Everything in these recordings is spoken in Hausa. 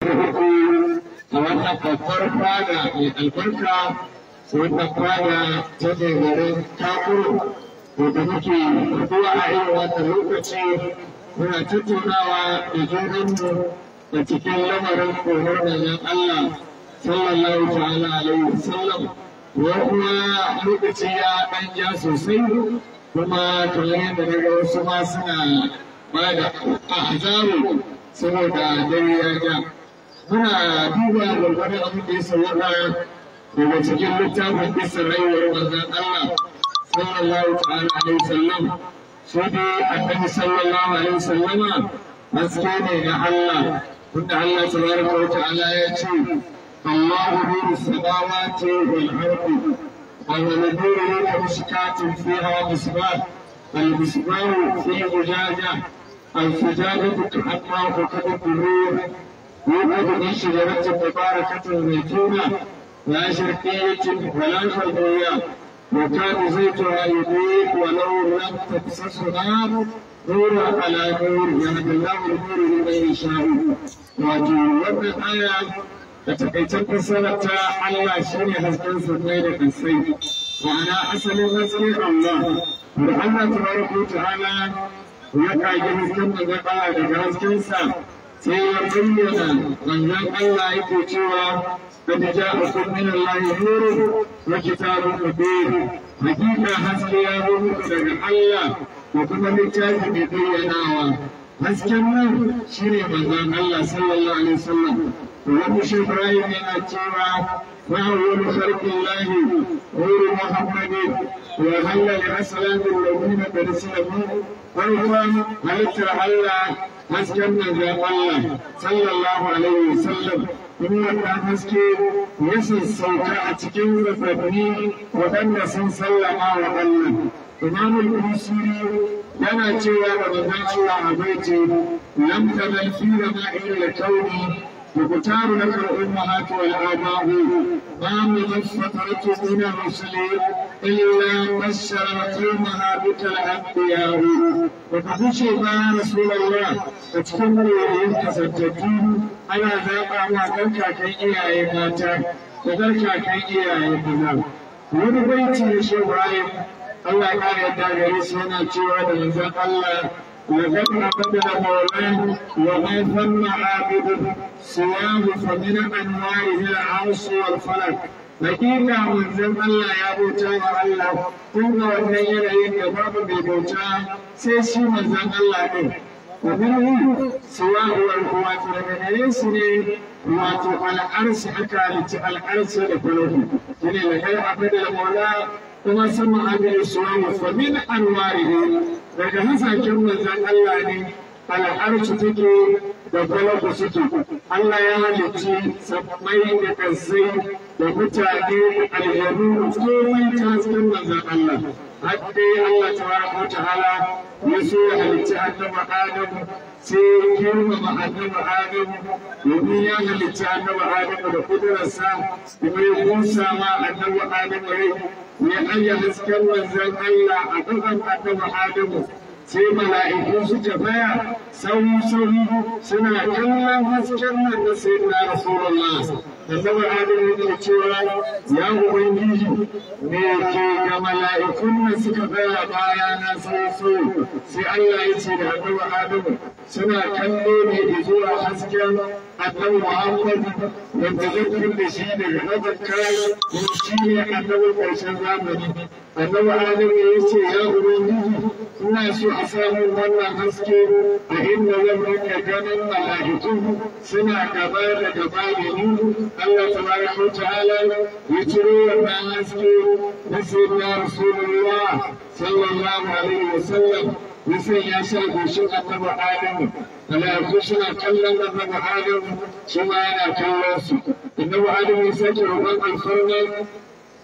a wannan babbar fada mai albarka wannan fada ta mai garin takuru da muke zuwa a irin wannan lokaci suna tattaunawa da junanmu da cikin lamarin gobar manzon Allah sallallahu ta'ala alaihi wasallam kuma lokaci ya ɗan ja sosai kuma tare yadda na ga wasu ma suna ba da ahzaru saboda dare ya ja. muna duba gwargwadon abin da ya sauwaka daga cikin littafin bisa rayuwar manzon Allah sallallahu ta'ala alaihi wasallam shi dai annabi sallallahu alaihi wasallama haske ne na Allah tunda Allah tabaraka wa ta'ala ya ce Allahu nuru samawati wal ardi wa nuru mushkatin fiha misbah المسبار في زجاجة الزجاجة تحمى وتدب الروح موجود شجرة مباركة زيتونة لا شرقية ولا غربية وكان زيتها يضيء ولو لم تبسسه نار نور على نور يهدي الله النور لمن يشاء wato wannan aya da takaitaccen sanarta Allah shi ne hasken sabai da kasai ma'ana asalin hasken Allah da Allah tabaraka ta'ala ya kage da daga haskensa sai ya bayyana manzon Allah yake cewa قد جاءكم من الله نور وكتاب مبين حقيقة حسكي يا مبوك دقى الله وكما نتاج بيبيناوا حسكي النور شيري مزان الله صلى الله عليه وسلم ورب شيخ رايم يناتيوا وأول خلق الله نور محمد وهل لأسلام الذين قد سلموا وإخوان هل ترى الله hasken manzon Allah sallallahu alaihi wasallam in wannan haske ya sauka a cikin zazzabi waɗanda sun sallama wa Allah imamul usuri yana cewa wa manzon Allah a baiti lam tamal fi ma'il kauni وكتاب لك الأمهات والآباء ما من فترة من المسلمين إلا بشر قومها بك الأنبياء وفحشب يا رسول الله فتكون اليهود كفتتين أنا ذاق ما كنت كي إياه ماتا وكنت كي إياه بنا wani baiti da shi Ibrahim Allah ya kare ta gare shi yana cewa da manzon Allah وذكر قدر مولاه وما ثم عابد سواه فمن النار العرش والفلك Hakika manzon Allah ya bauta wa Allah Tun ga wannan yanayin da babu bai bauta sai shi zan Allah ne. Wabiru suwa wato daga gare su ne wato al'arshi aka halici al'arsa da kulobi. Shine da kai fadar mola kuma sama abin suwa wa anwari ne, daga hasaken manzan Allah ne al'arsu take da falahu suke. Allah ya halicci sabbin da kansai da mutane aljaru komai taskan manzan Allah har dai Allah ta tabaraka ta'ala ya so ya halicci annabi Adam sai ya girmama annabi Adam domin ya halicci annabi Adam da kudurarsa kuma ya musa ma annabi Adam rai ya hasken manzan Allah a kafan annabi Adam sai mala'iku suka baya sauri sauri suna kallon hasken nan na sai na rasulullah da sabar adin yake cewa ya gizi ne ke ga mala'ikun nan suka baya baya na sauri sauri sai Allah ya ce da annabi adin suna kallo ne da zuwa hasken a kan Muhammad wanda zai da shi daga nazar kai kuma shi ne annabin ƙarshen zamani A annabi adam ya ce ya ubangiji ina so a samun wannan haske a inda zan rinka ganin mala'iku suna gaba da gaba da ni Allah tabaraka wa ta'ala ya ciro wannan haske na sayyidina rasulullah sallallahu alaihi wa sallam ya sanya shi a goshin annabi adamu mala'iku suna kallon annabi adamu shi ma yana kallon su annabi adamu ya sake roƙon alfarma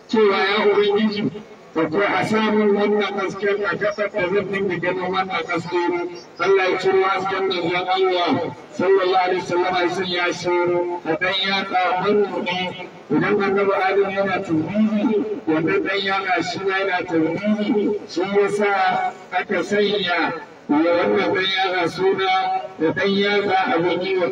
cewa ya ubangiji da a samun wannan askin a kasar da zan dinga ganin wannan askin Allah ya ciro hasken da zan Allah sallallahu alaihi wasallam ya sanya shi da dan ya kafin ne idan annabi Adam yana tauhidi wanda dan ya shi yana tauhidi shi yasa aka sanya ya wannan ɗan yatsa suna da ɗan yatsa abin yi wa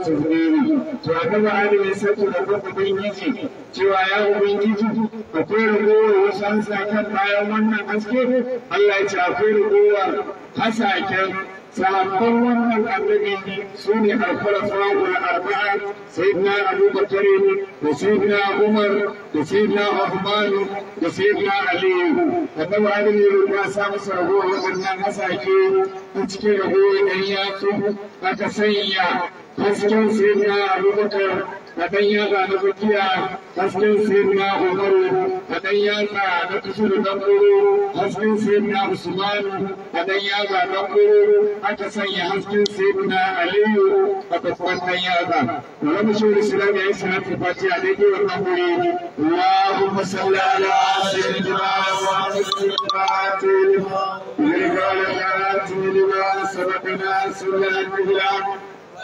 to a gaba adalin sarki da kuma ubangiji cewa ya ubangiji Akwai fere kowa wasu hansaken bayan wannan haske Allah ya ce a fere kowa hasaken فكل من الذي سمي الخلفاء الأربعة سيدنا أبو بكر وسيدنا عمر وسيدنا عثمان وسيدنا علي فلو هذه الرؤساء مصر هو وأن مساكين تشكي هو أن يأتوا فتسيّا فسكن سيدنا أبو بكر தகையார் அனுபவிக்கிறார் தஸ்லிம் சீர்னா Umar தகையார் நபிசுரு நம்புரு தஸ்லிம் சீர்னா Usman தகையார் நம்புரு அட்டசைய ஹஸ்லிம் சீர்னா அலியு فتكون نيابة ولم يشور الإسلام عليه الصلاة والفاتحة عليك والمقبولين اللهم صل على سيدنا وعلى سيدنا لما قال فاتح لما سبقنا سنة الإسلام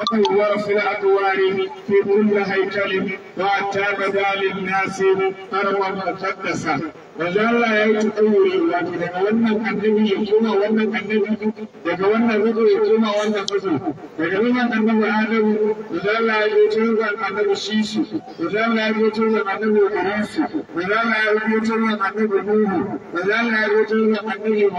وطور في الأدوار في كل هيكل وأتى بدا للناس أروى مقدسة manzo Allah ya yi tsayuri wato daga wannan annabi ya koma wannan annabi daga wannan rubu ya koma wannan rubu daga ruban annabi Adamu manzo Allah ya yi turban annabi Shisu manzo Allah ya yi turban annabi Ibrahim manzo Allah ya yi turban annabi Nuhu manzo Allah ya yi turban annabi Ibrahim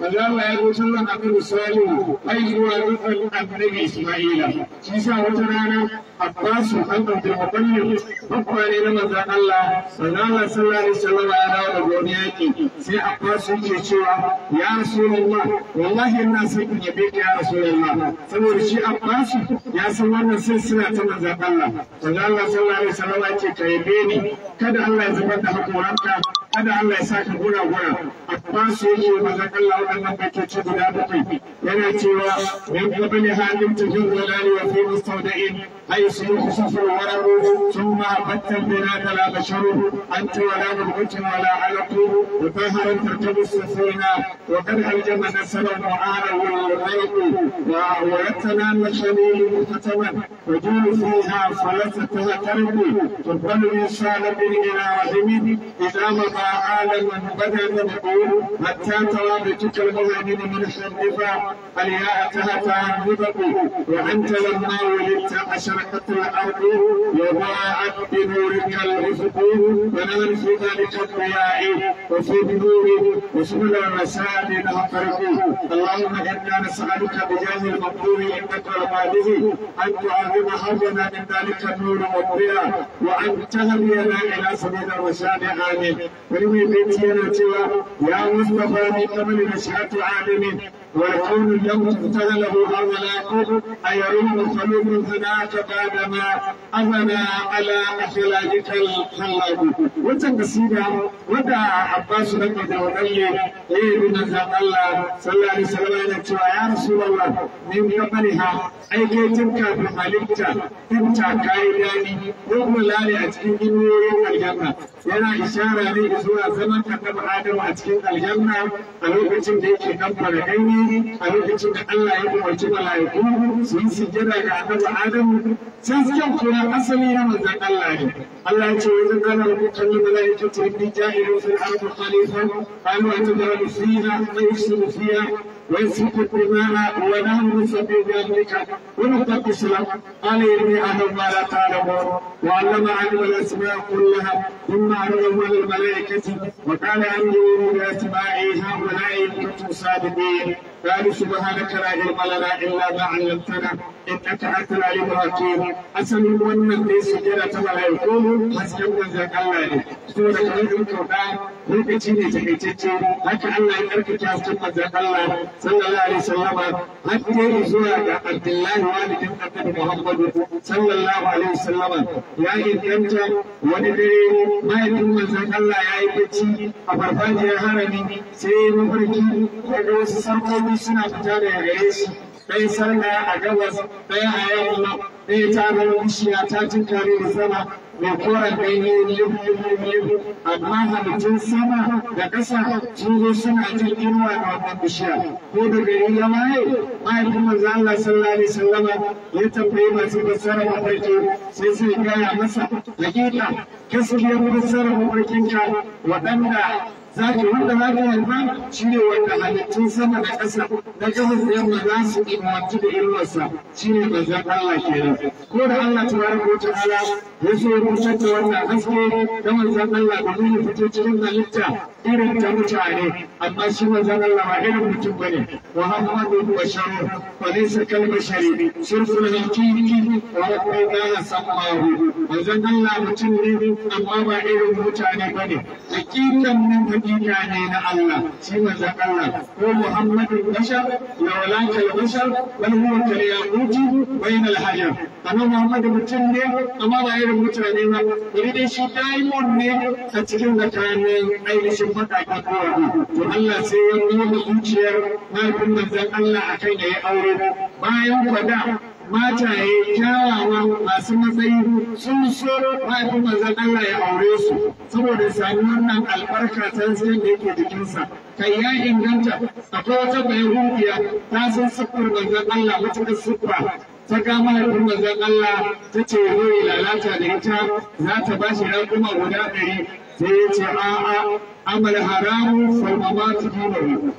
manzo Allah ya yi turban annabi Salihu ai zuwa ruban annabi Isma'ila shi sa wata rana abbasu an abdul mutallib bakwai na manzon Allah sallallahu alaihi wasallam ya dawo da gobe yaki sai abbasu yake cewa ya rasulullah wallahi ina son in yabe ka ya rasulullah saboda shi abbasu ya san wannan sai suna ta manzon Allah manzon Allah sallallahu alaihi wasallam ce ka yabe ni kada Allah ya zubar da hakoranka kada Allah ya saka gura gura Abbasu yake maza Allah waɗannan baitoci guda bakwai yana cewa min qabli halin tujur walali wa fi mustawda'in أي يخفف الورم ثم بت بناك لا بشر انت ولا مبغت ولا علق وطهرا تركب السفينه وقد الجم نسلا معانا والريق ويتنا من خليل مختتما وجول فيها فلستها كرب تقبل الانسان به الى رحمه اذا مضى عالما بدا تقول حتى ترى بتلك المؤمن من الشرفه فليا اتها تعذبك وانت لما ولدت عشر تحت بنورك الأفق ونال في وفي بنوره وسبل المساجد نطرق اللهم إنا نسألك بجاه المقبول عندك وماله أن تعظم حظنا من ذلك النور والضياء وأن تهدينا إلى سبيل الرشاد آمين ونوي بيتنا يا مصطفى من قبل نشأة عالم والكون اليوم له او لا يقول ايرم خلوق ثناك بعدما أذنى على أخلاقك الخلاق وتن قصيدة ودع عباس لك دولي إيه بن الله صلى الله عليه وسلم يا رسول الله من قبلها اي كي تبكى بخالقتا تبكى كايداني يوم لا أتكين إنه الجنة yana ishara لي zuwa زمن ka taɓa adam a cikin aljanna a lokacin alkhairi a lokacin da Allah ya umarci mala'iku su yi sujjada ga annabi Adamu sasken kuma asali na manzon Allah ne Allah ya ce wa zakana al-mutalli mala'ikatu rabbi ja'ilu fil ardi khalifa qalu atadru fiha wa yufsidu fiha wa yasfiku al-dimara wa nahnu nusabbihu bi amrika wa nuqaddisu lak qala inni a'lamu ma la ta'lamun wa 'allama 'adama al-asma'a kullaha thumma 'aradahu 'ala al-mala'ikati wa qala anni uridu bi atba'i هؤلاء كنتم صادقين قالوا سبحانك لا علم لنا الا ما علمتنا انك انت العليم الحكيم اصل wannan ne su kira ta malaiku hasken manzon Allah ne so da kai in to da lokaci ne takaitacce haka Allah ya karkace hasken manzon Allah sallallahu alaihi wasallam hatta ya zuwa ga Abdullahi walidin Annabi Muhammad sallallahu alaihi wasallam ya inganta wani dare mahaifin manzon Allah ya yi bacci a farfajiyar harami sai mafarki kuɗi suna fita da gare shi ɗaya sallah a gabas ɗaya a yamma ɗaya ta zama bishiya ta tunkare da sama mai koren ganye libu amma halittun sama da ƙasa sun zo suna jin inuwa da wannan bishiya ko da gari ya maye? mahaifin manzo Allah sallallahu alaihi wasallam ya tambayi masu fassara mafarki sai sai gaya masa hakika kasbiyar fassara mafarkinka waɗanda zaki wanda za ka haifa shi ne wanda halittun sama da ƙasa na ƙasa yamma za su imantu da ilmarsa shi ne manzan Allah nan ko da Allah tabaraka wa ta'ala ya so ya kusa wannan haske da manzon Allah domin ya fito cikin halitta irin ta mutane amma shi manzon Allah ba irin mutum bane wa Muhammadu wa sharu wa laysa kal bashari sirful hakiki wa rabbana samahu manzon Allah mutum ne amma ba irin mutane bane hakikan nan hakika ne na Allah shi manzon Allah ko Muhammadu bashar la wala bashar bal huwa kal yaquti bayna al hajar annabi Muhammad mutum ne amma ba irin mutane ba domin shi diamond ne a cikin da kayan ainihin fataki ko wani to Allah sai ya nuna zuciyar mahaifin manzon Allah a kai da ya aure bayan kwada mataye kyawawa masu matsayi sun so mahaifin manzon Allah ya aure su saboda sami wannan albarka ta da yake jikinsa kai ya inganta akwai wata bayan hunkiya ta san siffar manzon Allah matuƙar siffa ta kama haifin mazan Allah ta ce yi lalata da ita za ta ba shi raƙuma guda ɗari sai ya ce a'a amal haramu farmama ta a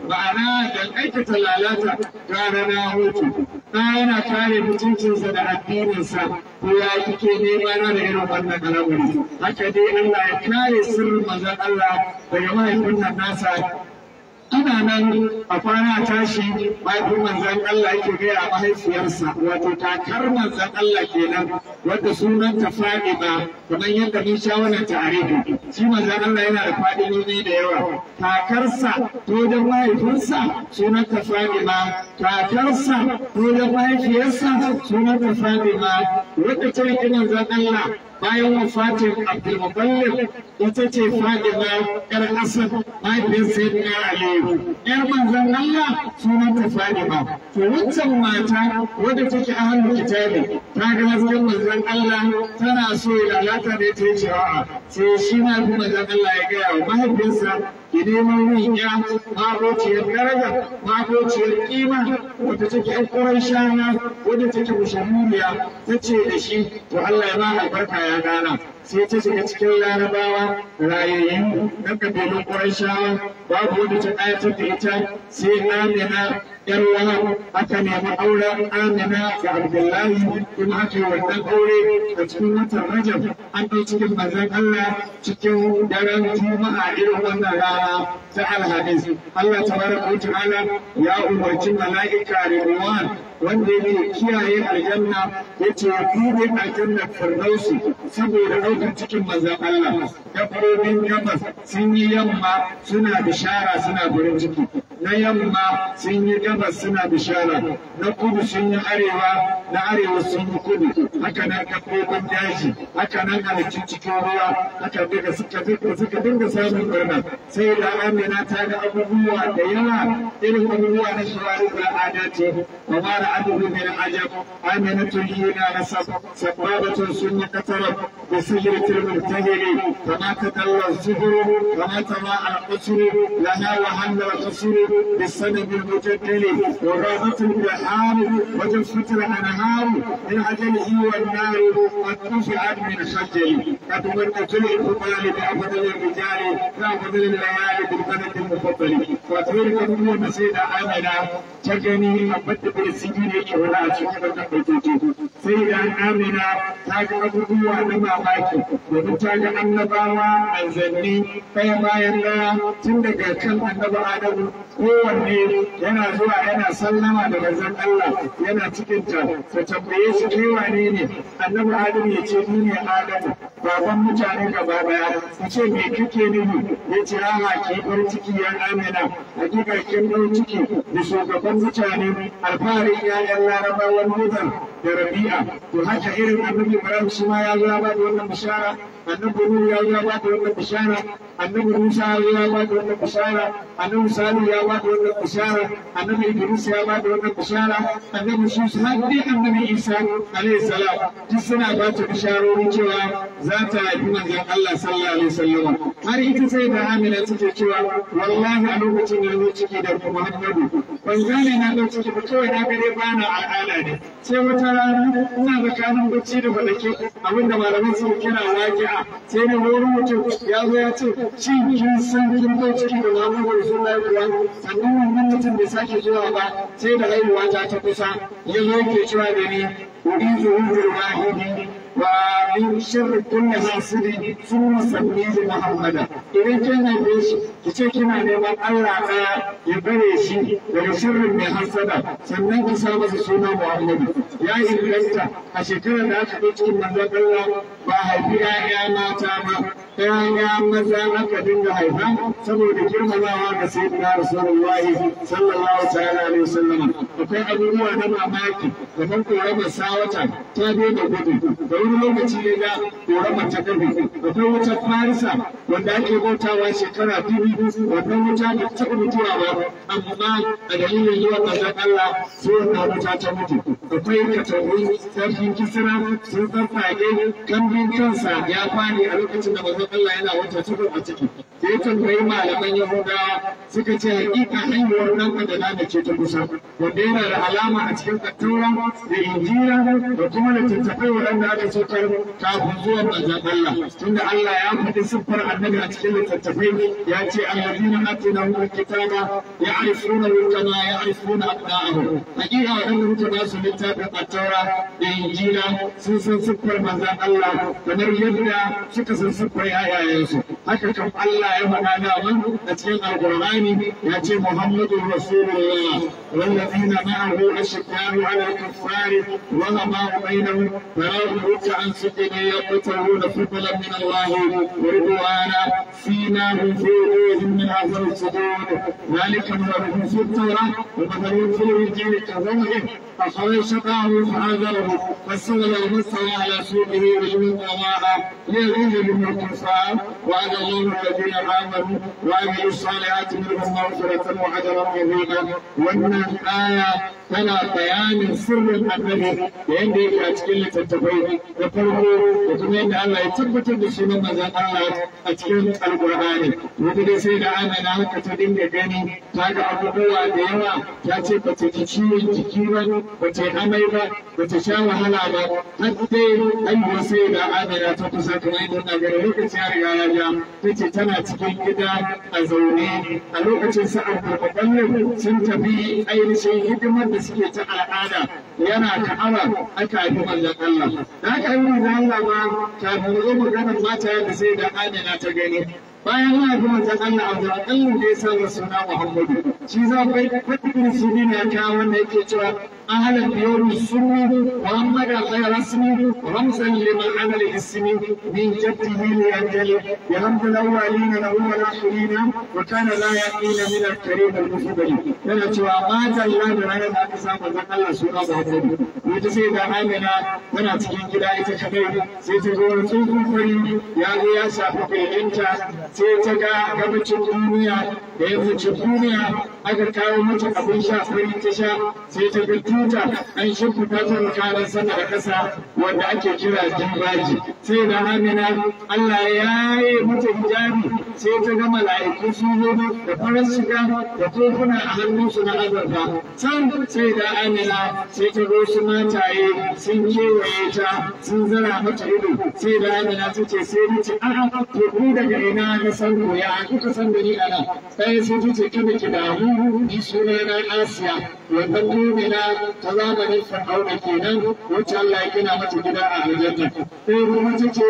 ma'ana da aikata lalata gara na hutu ta yana kare mutuncinsa da addininsa ko ya kike nema na da irin wannan al'amari haka dai Allah ya kare sirrin mazan Allah daga mahaifin nan nasa ina nan a kwana tashi mahaifin manzan Allah yake gaya a mahaifiyarsa wato takar manzan Allah kenan wadda sunanta Fatima kamar yadda mun sha wannan tarihi shi manzan Allah yana da ne da yawa takarsa to wajen mahaifinsa sunanta Fatima takarsa to wajen mahaifiyarsa sunanta Fatima wadda ta yi manzan Allah bayan wafatin abdulmutallib wata ce fadima yar asad mahaifiyar sayyidina aliyu yar manzon allah sunanta fadima to wancan mata wadda take a hannun kitabi ta ga hasken manzon allah tana so ya lalata da ta yi a'a sai shi na fi manzon allah ya gaya wa mahaifinsa ilimin ya mabociyar daraja mabociyar ƙima, wata take yan kurai shana wadda take mushammuriya ta ce da shi to Allah ya ba albarka ya gana sai ta shiga cikin larabawa rayayyu na kabilun ƙwarshawa babu wanda ta ƙayatar da ita sai amina yan wahab aka nemi auren amina ga abdullahi kuma aka yi wannan aure a cikin watan rajab an ɗau cikin manzon allah cikin daren juma'a irin wannan rana ta alhadis allah bar wa ta'ala ya umarci mala'ika ridwan wanda ya kiyaye aljanna yace ku ne aljanna firdausi saboda ɗaukar cikin manzan Allah dabbobin yamma sun yi yamma suna da shara suna gurin ciki na yamma sun yi gabas suna bishara na kudu sun yi arewa na arewa sun yi kudu haka nan dabbobin daji haka nan halittun cikin ruwa haka daga suka duka suka dinga samun birnin sai da amina ta ga abubuwa da yawa irin abubuwa na shawari da adati wa mara abubu min ajab amina tun yi na rasa sababatun sun yi katarab da sun الفجر المرتجل كما تدلى الزهر كما تراءى القصر لها وهل القصر بالسند المجدل وغابت البحار وجفت الانهار من عجله والنار قد رفعت من خجل قد مرت الانفضال بافضل الرجال بافضل الليالي بالبلد المفضل وتلك هو مسيد امنا تجني ابد بالسجن ولا شهر تقتل سيدنا امنا تاج ابو بكر وابو domin ta ga annabawa manzanni baya bayan ɗaya tun daga kan annabi Adamu kowanne yana zuwa yana sallama da manzon Allah yana cikinta ta tambaye shi kai wane ne annabi Adamu ya ce ni ne Adamu baban mutane gaba daya ku ce me kake nufi ya ce raha ki bar ciki ya amina hakika kin bar ciki da shugaban mutane alfarin yayan larabawan mudan da rabi'a to haka irin abin ibrahim shi ma ya zo ya bada wannan bishara annabi nuhu ya zo ya bada wannan bishara annabi musa ya zo ya bada wannan bishara annabi salu ya bada wannan bishara annabi idris ya bada wannan bishara annabi shi har dai annabi isa alayhi salam duk suna ba ta bisharori cewa za ta yi manzan Allah sallallahu alaihi wasallam har ita sai da Amina suke cewa wallahi a lokacin da zo ciki da Muhammadu ban gane na ɗau ciki ba kawai na ga dai bana al'ada ne sai wata rana ina tsakanin bacci da faɗake abinda malamin sun kira a. sai na wani mutum ya zo ya ce shin kin san kin ɗau ciki da Muhammadu Rasulullahi kuwa sannan wannan mutum bai sake zuwa ba sai da haihuwa ta kusa ya zo yake cewa da ni urizu hujjar wahidi ومن شر كل حاسد ثم سميه محمدا idan kin haife shi ki ce kina neman Allah ɗaya ya bare shi daga sharrin mai hasada sannan ki sa masa suna Muhammadu ya inganta a shekarar da aka kai cikin manzon ba haifi 'ya'ya mata ba yaya maza aka dinga haifa saboda girmamawa ga sayyidina rasulullahi sallallahu ta'ala alaihi wasallam akwai abubuwa na mamaki kamar korama sawata ta bi da gudu da wani lokaci ne na korama ta kabi akwai wutar farisa wanda ake bautawa shekara dubu wannan wuta da ta mutuwa ba amma a dalilin yawan manzon Allah sai wannan wuta ta mutu akwai katangu sarkin kisira sun tsaffa kan kambin kansa ya kwane a lokacin da ba. manzon Allah yana wata cikin a ciki sai tambayi malaman Yahudawa suka ce hakika haihuwar nan ka da ce ta kusa wanda yana da alama a cikin attaura da injira da kuma da tattafai waɗanda aka saukar kafin zuwan manzon Allah tunda Allah ya faɗi siffar annabi a cikin littattafai ya ce alladina atinahum kitaba ya'rifuna kama ya'rifuna abna'ahum hakika waɗanda muka ba su littafin attaura da injira sun san siffar manzon Allah kamar yadda suka san siffar real a haka Allah ya faɗa da wani a cikin alƙur'ani ya ce Muhammadu والذين معه أشداء على الكفار وغماء بينهم فلا بد عن سجن يقتلون فضلا من الله ورضوانا سيماهم في وجوههم من أثر الصدور ذلك مثلهم في التوراة ومثلهم في الإنجيل كظلهم أخرج شقاه فآذره فاستغلى المسعى على سوقه وجوه الله ليغيظ من الكفار وأن الله الذين امنوا وعملوا الصالحات منهم مغفره واجرا عظيما وان الايه tana bayanin sirrin annabi da yadda yake a cikin littattafai da farko da kuma yadda Allah ya tabbata da sunan manzon Allah a cikin alkur'ani wata dai sai da amina haka ta dinga gani ta ga abubuwa da yawa ta ce ba ta ji ciwon jiki ba ba ta amai ba ba ta sha wahala ba har dai sai da amina ta kusa kamar idan na gari lokaci ya riga ya ja ta ce tana cikin gida a zaune a lokacin sa'ar abdulmutallib sun tafi ainihin hidimar da suke ta al'ada yana ka'aba aka haifi manzon Allah da aka yi manzon Allah ma kafin zo maganar mata da sai da Amina ta gani bayan laifin manzan Allah a zaɓen da ya sa wa suna Muhammadu shi za ku yi da su na ta wanda yake cewa ahalar biyar sunni Muhammad a kai rasmi ramsan liman anar ismi min jatti hili a jale ya hamdu na wali na na umar akuri na wa kana ya na kare da musu gari yana cewa matan ya da ranar da aka sa manzan Allah suna Muhammadu ne ta sai ga amina tana cikin gida ita kadai sai ta zo da tsohon fari ya zo ya shafi kwayoyinta sai ta ga gabacin duniya da ya wuce duniya aka kawo mata abin sha farin ta sha sai ta ga tuta an shimfiɗa ta karan sama da ƙasa wanda ake kira jimbaji sai da Amina Allah ya yi mata hijabi sai ta ga mala'iku su zo da farin shiga da kofuna a hannunsu na azurfa can sai da amina sai ta zo su mataye sun kewaye ta sun zara mata ido sai da amina ta ce sai ta ce a'a to ku daga ina san doya, an ka san da ni a nan ji sai ta ce kada ki damu ni suna na asiya wannan domina ta zamanin fir'auna kenan wacce Allah ya gina mata gida a aljanna ko kuma ta ce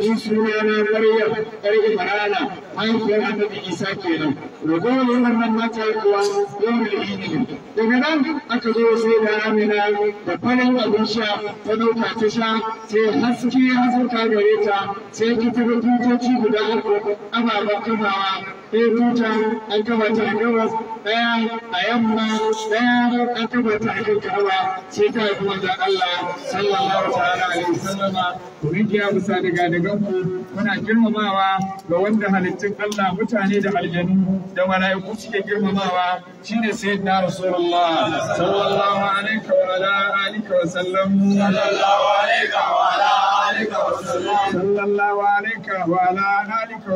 ni suna na maryam ɗar imrana mahaifiyar annabi isa kenan ne wannan mata kuwa yau da ini daga nan aka zo sai da amina da farin abin sha ta ɗauka ta sha sai haske ta gare ta sai ki tafi tutoci guda uku ababen kafawa ɗaya tuta an kafa ta a gabas ɗaya a yamma ɗaya an a kan ka'aba sai ta haifi da Allah sallallahu ta'ala alaihi wasallama ku rijiya bisa daga dagan ku muna girmamawa ga wanda halittun Allah mutane da aljanu da mala'iku suke girmamawa shine sayyidina rasulullah sallallahu alaihi wa ala alihi wa sallam sallallahu alaihi wa ala sallallahu alaihi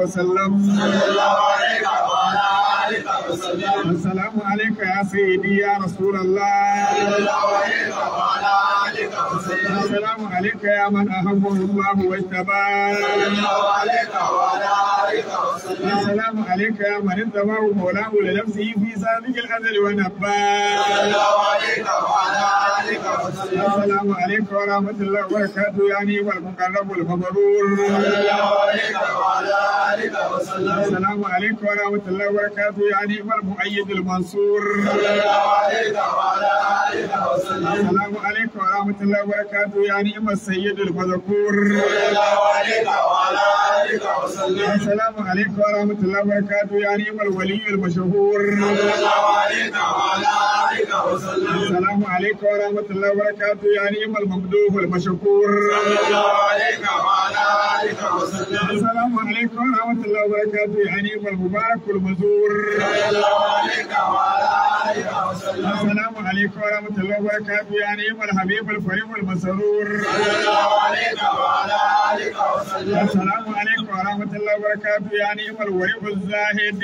wa sallam عليك يا سيدي يا رسول الله السلام عليك يا من أهمه الله واجتباه السلام عليك يا من انتباه مولاه لنفسه في سابق الأزل والنباه السلام عليك ورحمة الله وبركاته يعني والمقرب المقرب المبرور السلام عليك ورحمة الله وبركاته يعني والمؤيد المنصور صلى الله عليك وعلى آله وسلم السلام عليكم ورحمة الله وبركاته يا نعم السيد المذكور صلى الله عليك وعلى آله وسلم السلام عليكم ورحمة الله وبركاته يا نعم الولي المشهور صلى الله عليك وعلى وسلم السلام عليكم ورحمة الله وبركاته يا نعم المبارك المشكور صلى الله عليك وعلى آله وسلم السلام عليكم ورحمة الله وبركاته يا نعم المبارك المزور صلى الله عليك وعلى السلام عليكم ورحمة الله وبركاته يا نعيم الحبيب الفريق المسرور السلام عليكم ورحمة الله وبركاته يا نعيم الوريق الزاهد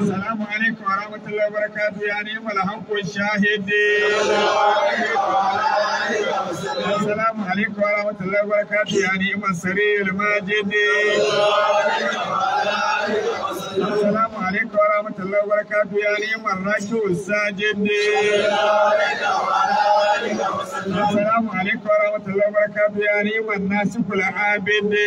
السلام عليكم ورحمة الله وبركاته يا نعيم الحق الشاهد السلام عليكم ورحمة الله وبركاته يا نعيم السري الماجد Assalamu alaikum wa rahmatullahi wa barakatu ne marrakin usajinde. Assalamu alaikum wa rahmatullahi wa barakatu ya ne marnasi kula abinde.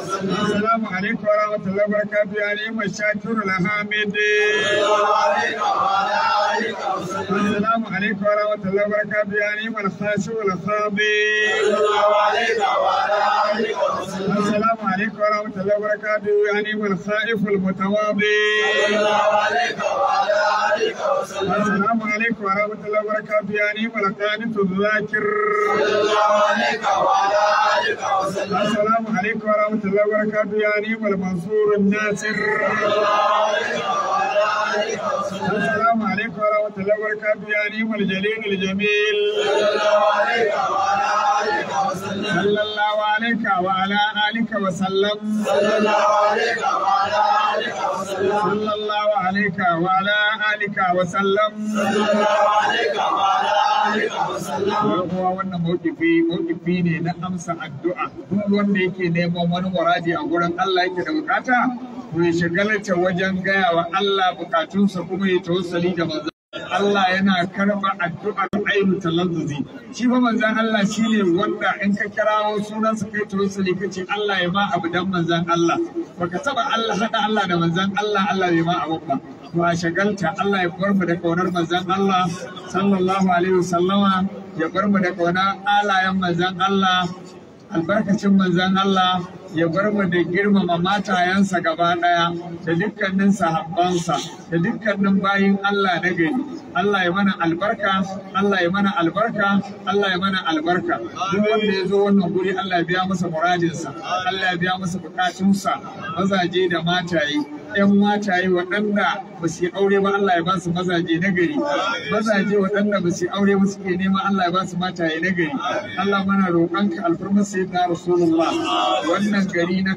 Assalamu alaikum wa rahmatullahi wa barakatu ya ne marshakin rulahamide. Assalamu alaikum السلام عليكم ورحمة الله وبركاته يا نعيم الخاسر والخاضي السلام عليكم ورحمة الله وبركاته يا نعيم الخائف المتواضي السلام عليكم ورحمة الله وبركاته يا نعيم القانت الذاكر السلام عليكم ورحمة الله وبركاته يا نعيم المنصور الناصر السلام عليكم ورحمة الله وبركاته وبركاته يا ريم الجليل الجميل صلى الله عليك وعلى آلك وسلم صلى الله عليك وعلى آلك وسلم صلى الله عليك وعلى آلك وسلم صلى الله عليك وعلى آلك وسلم هو وانا موقفي موقفي ne na amsa addu'a duk wanda yake neman wani muradi a gurin Allah yake da bukata to ya shagalta wajen gaya wa Allah bukatunsa kuma ya tawassali da manzo Allah yana karba addu'ar ayyul talazzuzi shi fa manzan Allah shi ne wanda in ka kirawo sunan sa kai tawassuli kace Allah ya ba abu dan manzan Allah baka taɓa Allah hada Allah da manzan Allah Allah ya ma abu ba to a shagalta Allah ya bar mu da kaunar manzan Allah sallallahu alaihi wasallama ya bar da kaunar alayen manzan Allah albarkacin manzan Allah ya bar mu da girmama matayensa gaba ɗaya da dukkanin sahabbansa da dukkanin bayin Allah na gari Allah ya mana albarka Allah ya mana albarka Allah ya mana albarka duk wanda ya zo wannan guri Allah ya biya masa muradinsa Allah ya biya masa bukatunsa mazaje da mataye 'yan mataye waɗanda ba su aure ba Allah ya ba su mazaje na gari mazaje waɗanda ba su aure ba suke nema Allah ya ba su mataye na gari Allah mana roƙonka alfarmar sai ta rasulullah wannan wannan gari na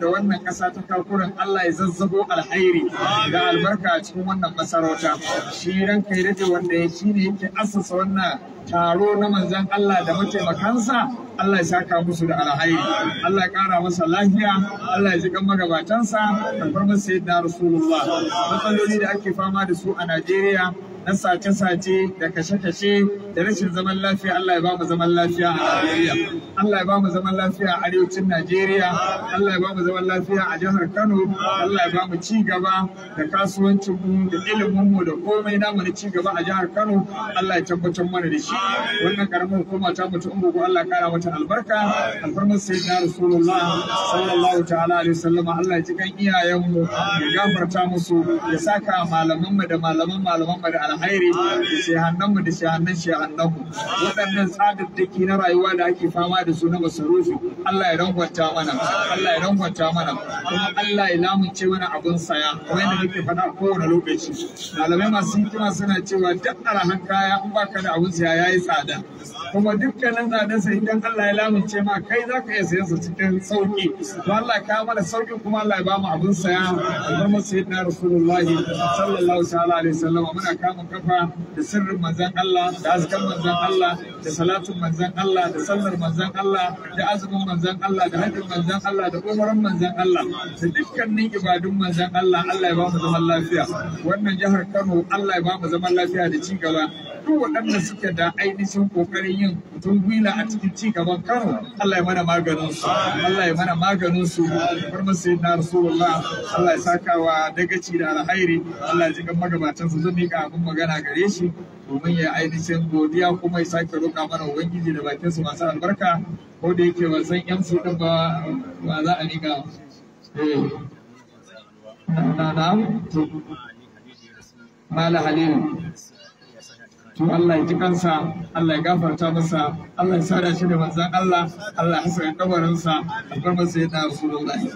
da wannan ƙasa ta kakurin Allah ya zazzabo alhairi da albarka a cikin wannan masarauta shi ran kai dace wanda ya shi ne yake asasa wannan taro na manzan Allah da mataimakansa Allah ya saka musu da alhairi Allah ya kara masa lafiya Allah ya ji kan magabatansa alfarmar sayyidina rasulullah matsaloli da ake fama da su a Najeriya na sace-sace da kashe-kashe da rashin zaman lafiya Allah ya ba mu zaman lafiya a Najeriya Allah ya ba mu zaman lafiya a arewacin Najeriya Allah ya ba mu zaman lafiya a jihar Kano Allah ya ba mu ci gaba da kasuwancin mu da ilimin mu da komai namu na ci gaba a jihar Kano Allah ya tabbatar mana da shi wannan karamar hukuma ta mutu ungugu Allah ya kara mata albarka alfarmar sayyidina Rasulullah sallallahu ta'ala alaihi wasallam Allah ya ji kan iyayen mu ya gafarta musu ya saka malaman mu da malaman malaman mu da alhairi shehannanmu da shehannan shehannanmu waɗannan tsadaddaki na rayuwa da ake fama da su na masarufi Allah ya rangwata mana Allah ya rangwata mana kuma Allah ya lamunce mana abin saya kamar yadda nake faɗa a kowane lokaci malamai masu hikima suna cewa duk arahan kaya in baka da abin saya yayi tsada kuma dukkanin sai idan Allah ya lamunce ma kai za ka iya sayan su cikin sauki to Allah ya kawo mana sauki kuma Allah ya ba mu abin saya albarmar sayyidina rasulullahi sallallahu alaihi wasallam muna kama kafa da sirrin manzan Allah da azkan manzan Allah da salatun manzan Allah da sallar manzan Allah da azumin manzan Allah da hajjin manzan Allah da umaran manzan Allah da dukkanin ibadun manzan Allah Allah ya ba mu zaman lafiya wannan jihar Kano Allah ya ba mu zaman lafiya da ci gaba duk waɗanda suke da ainihin ƙoƙarin yin gwila a cikin ci gaban Kano Allah ya mana maganin su Allah ya mana maganin su farman sayyidina Rasulullah Allah ya saka wa dagaci da alhairi Allah ya jiga magabatan su zan miƙa abin magana gare shi domin ya ainihin godiya kuma ya sake roƙa mana ubangiji da bakin su masu albarka ko da yake ba san MC din ba ba za a miƙa eh. na na na na na to Allah ya ji kansa Allah ya gafarta masa Allah ya sada shi da manzan Allah Allah ya kabarin sa albarkar sai ya da Rasulullahi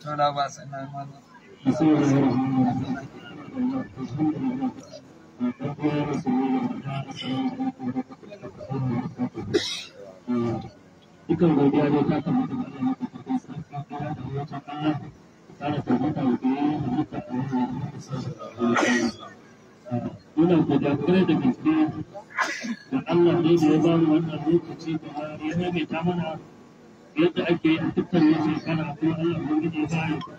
to da ba sai na mana Ikan godiya ne ta kamata da Allah ya da wata Allah muna guda kwarai da gaske da Allah ne da ya ba mu wannan lokaci da ya maimaita mana yadda ake yi a dukkanin shekara ko Allah ne ya ba mu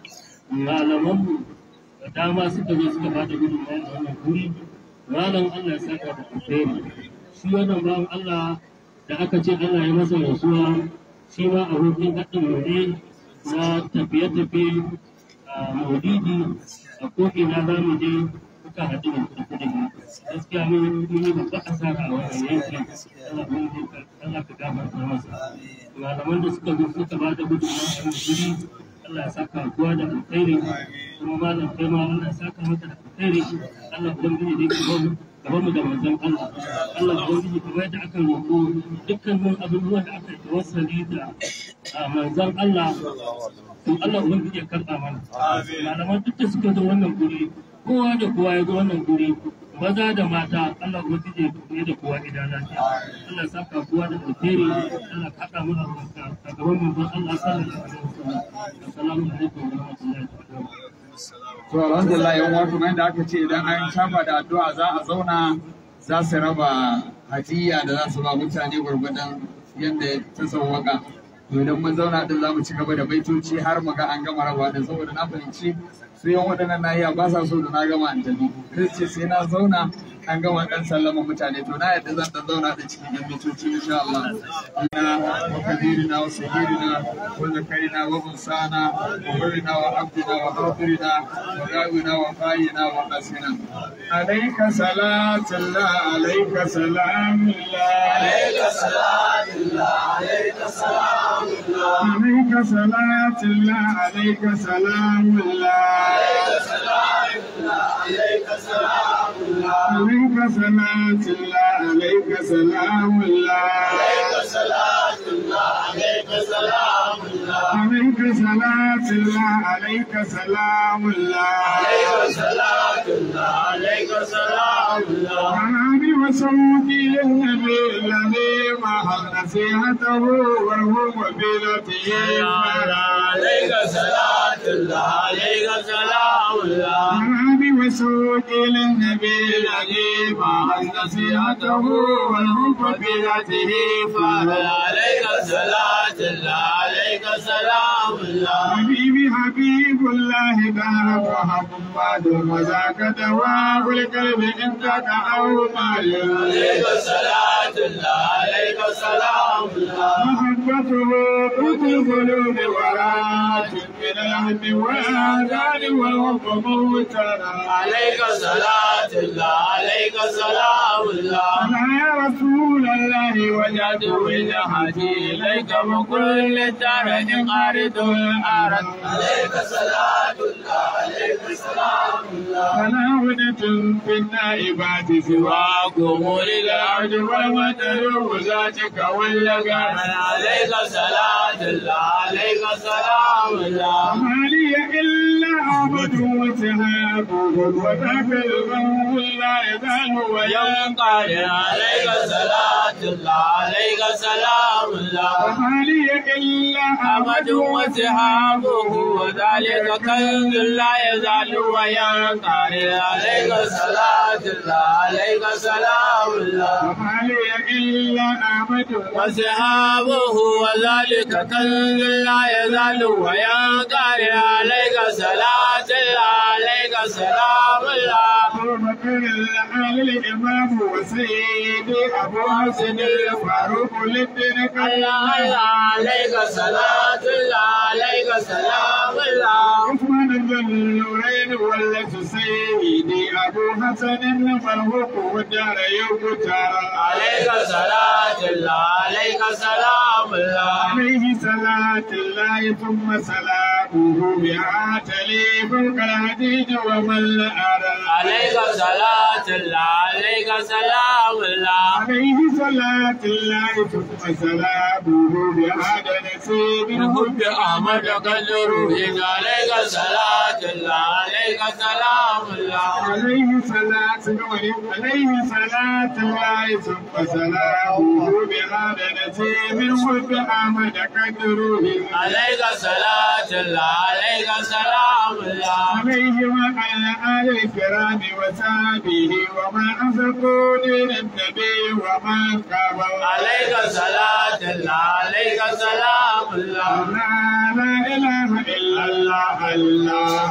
malaman mu da dama suka zo suka bada gudunmawa wannan guri malam Allah ya saka da alheri shi wannan bawan Allah da aka ce Allah ya nasa rasuwa shi ma abokin haɗin wuri na tafiye-tafiye maulidi a ko'ina za mu je kuka haɗu da kuɗi gaskiya mun yi babba asara a wannan yankin Allah ka gafarta masa malaman da suka zo suka ba da gudunmawa a Allah ya saka kuwa da alkhairi kuma da kai ma Allah ya saka maka da alkhairi Allah dinga da yake bamu gaban mu da manzon Allah Allah ubangiji kamar da aka roƙo mun abubuwan da aka tawassali da manzon Allah to Allah ya dinga karɓa mana malaman duk da suka zo wannan guri kowa da kowa ya zo wannan guri maza da mata Allah kuma tije ne da kowa gida lafiya Allah saka kowa da alheri Allah kada mana barka a gaban manzon Allah sallallahu alaihi wasallam assalamu alaikum wa rahmatullahi wa barakatuh to alhamdulillah yan wato nan da aka ce idan an shafa da addu'a za a zauna za su raba hadiya da za su ba mutane gurgudan yadda ta sauwaka to idan mun zauna din za mu ci gaba da baitoci har mu ga an gama rawa da saboda na fahimci sai yan waɗannan nahiya ba sa so da na gama a jami'a. sai ce sai na zauna an gama ɗan sallama mutane to na yadda zan ɗan zauna da cikin yan mitoci insha Allah ina wa kadirina wa sahirina kai na wa bunsana wa na wa na wa na wa na wa na wa asina alayka salatullah alayka salamullah alayka salatullah alayka salamullah alayka salatullah alayka salamullah alayka salamullah alayka salamullah منك صلاة الله عليك سلام الله عليك صلاة الله عليك سلام الله منك صلاة الله عليك سلام الله عليك صلاة الله عليك سلام الله أنا وسوقي للنبي الذي محل نصيحته عليك صلاة الله عليك سلام الله بسوق النبي العجيب عن نصيحته والهم بذاته فهل عليك الصلاة لا عليك السلام حبيبي حبيب الله دار محمد وذاك دواء القلب عندك أول عليك صلاة الله عليك سلام الله محبته قوت القلوب وراء من الهم والأذان والحب موتنا عليك صلاة الله عليك سلام الله أنا يا رسول الله وجدت وجهتي إليك وكل الدار قارئ زيد أرد عليك صلاة الله عليك سلام الله فلاونة في النائبات سواكم للعبد والمدر وزاتك واللقاء عليك صلاة الله عليك سلام الله ما لي إلا وجوتها وذاك الغم لا يزال ويوم قال عليك صلاة الله عليك سلام الله علي إلا أمد وسحابه وذلك كنز لا يزال ويوم قال عليك صلاة الله عليك سلام الله علي إلا أمد وسحابه وذلك كنز لا يزال ويوم عليك صلاة الله عليك سلام الله أبو بكر العالي الإمام وسيدي أبو حسن الفاروق للدرك الله الله عليك صلاة الله عليك سلام الله بن ذي النورين والذي سيدي أبو حسن بن مرهوق ودار يوم ترى عليك صلاة الله عليك سلام الله عليه صلاة الله ثم سلامه بعات لي فوق الحديد ومن لأرى عليك صلاة الله عليك سلام الله عليه صلاة الله ثم سلامه بعات نسيبه بأحمد قدره عليك سلام الله عليك سلام الله عليه صلاة نوح عليه صلاة الله ثم سلامه بهذا نسيم الود أحمد قدره عليك صلاة الله عليك سلام الله عليه وعلى آل الكرام وسابه ومن أنفقوا دين النبي ومن قاموا عليك صلاة الله عليك سلام الله لا إله إلا الله الله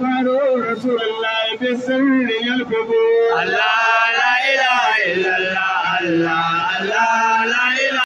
فعلوا رسول الله بالسر يلفظوا الله لا إله إلا الله الله الله لا إله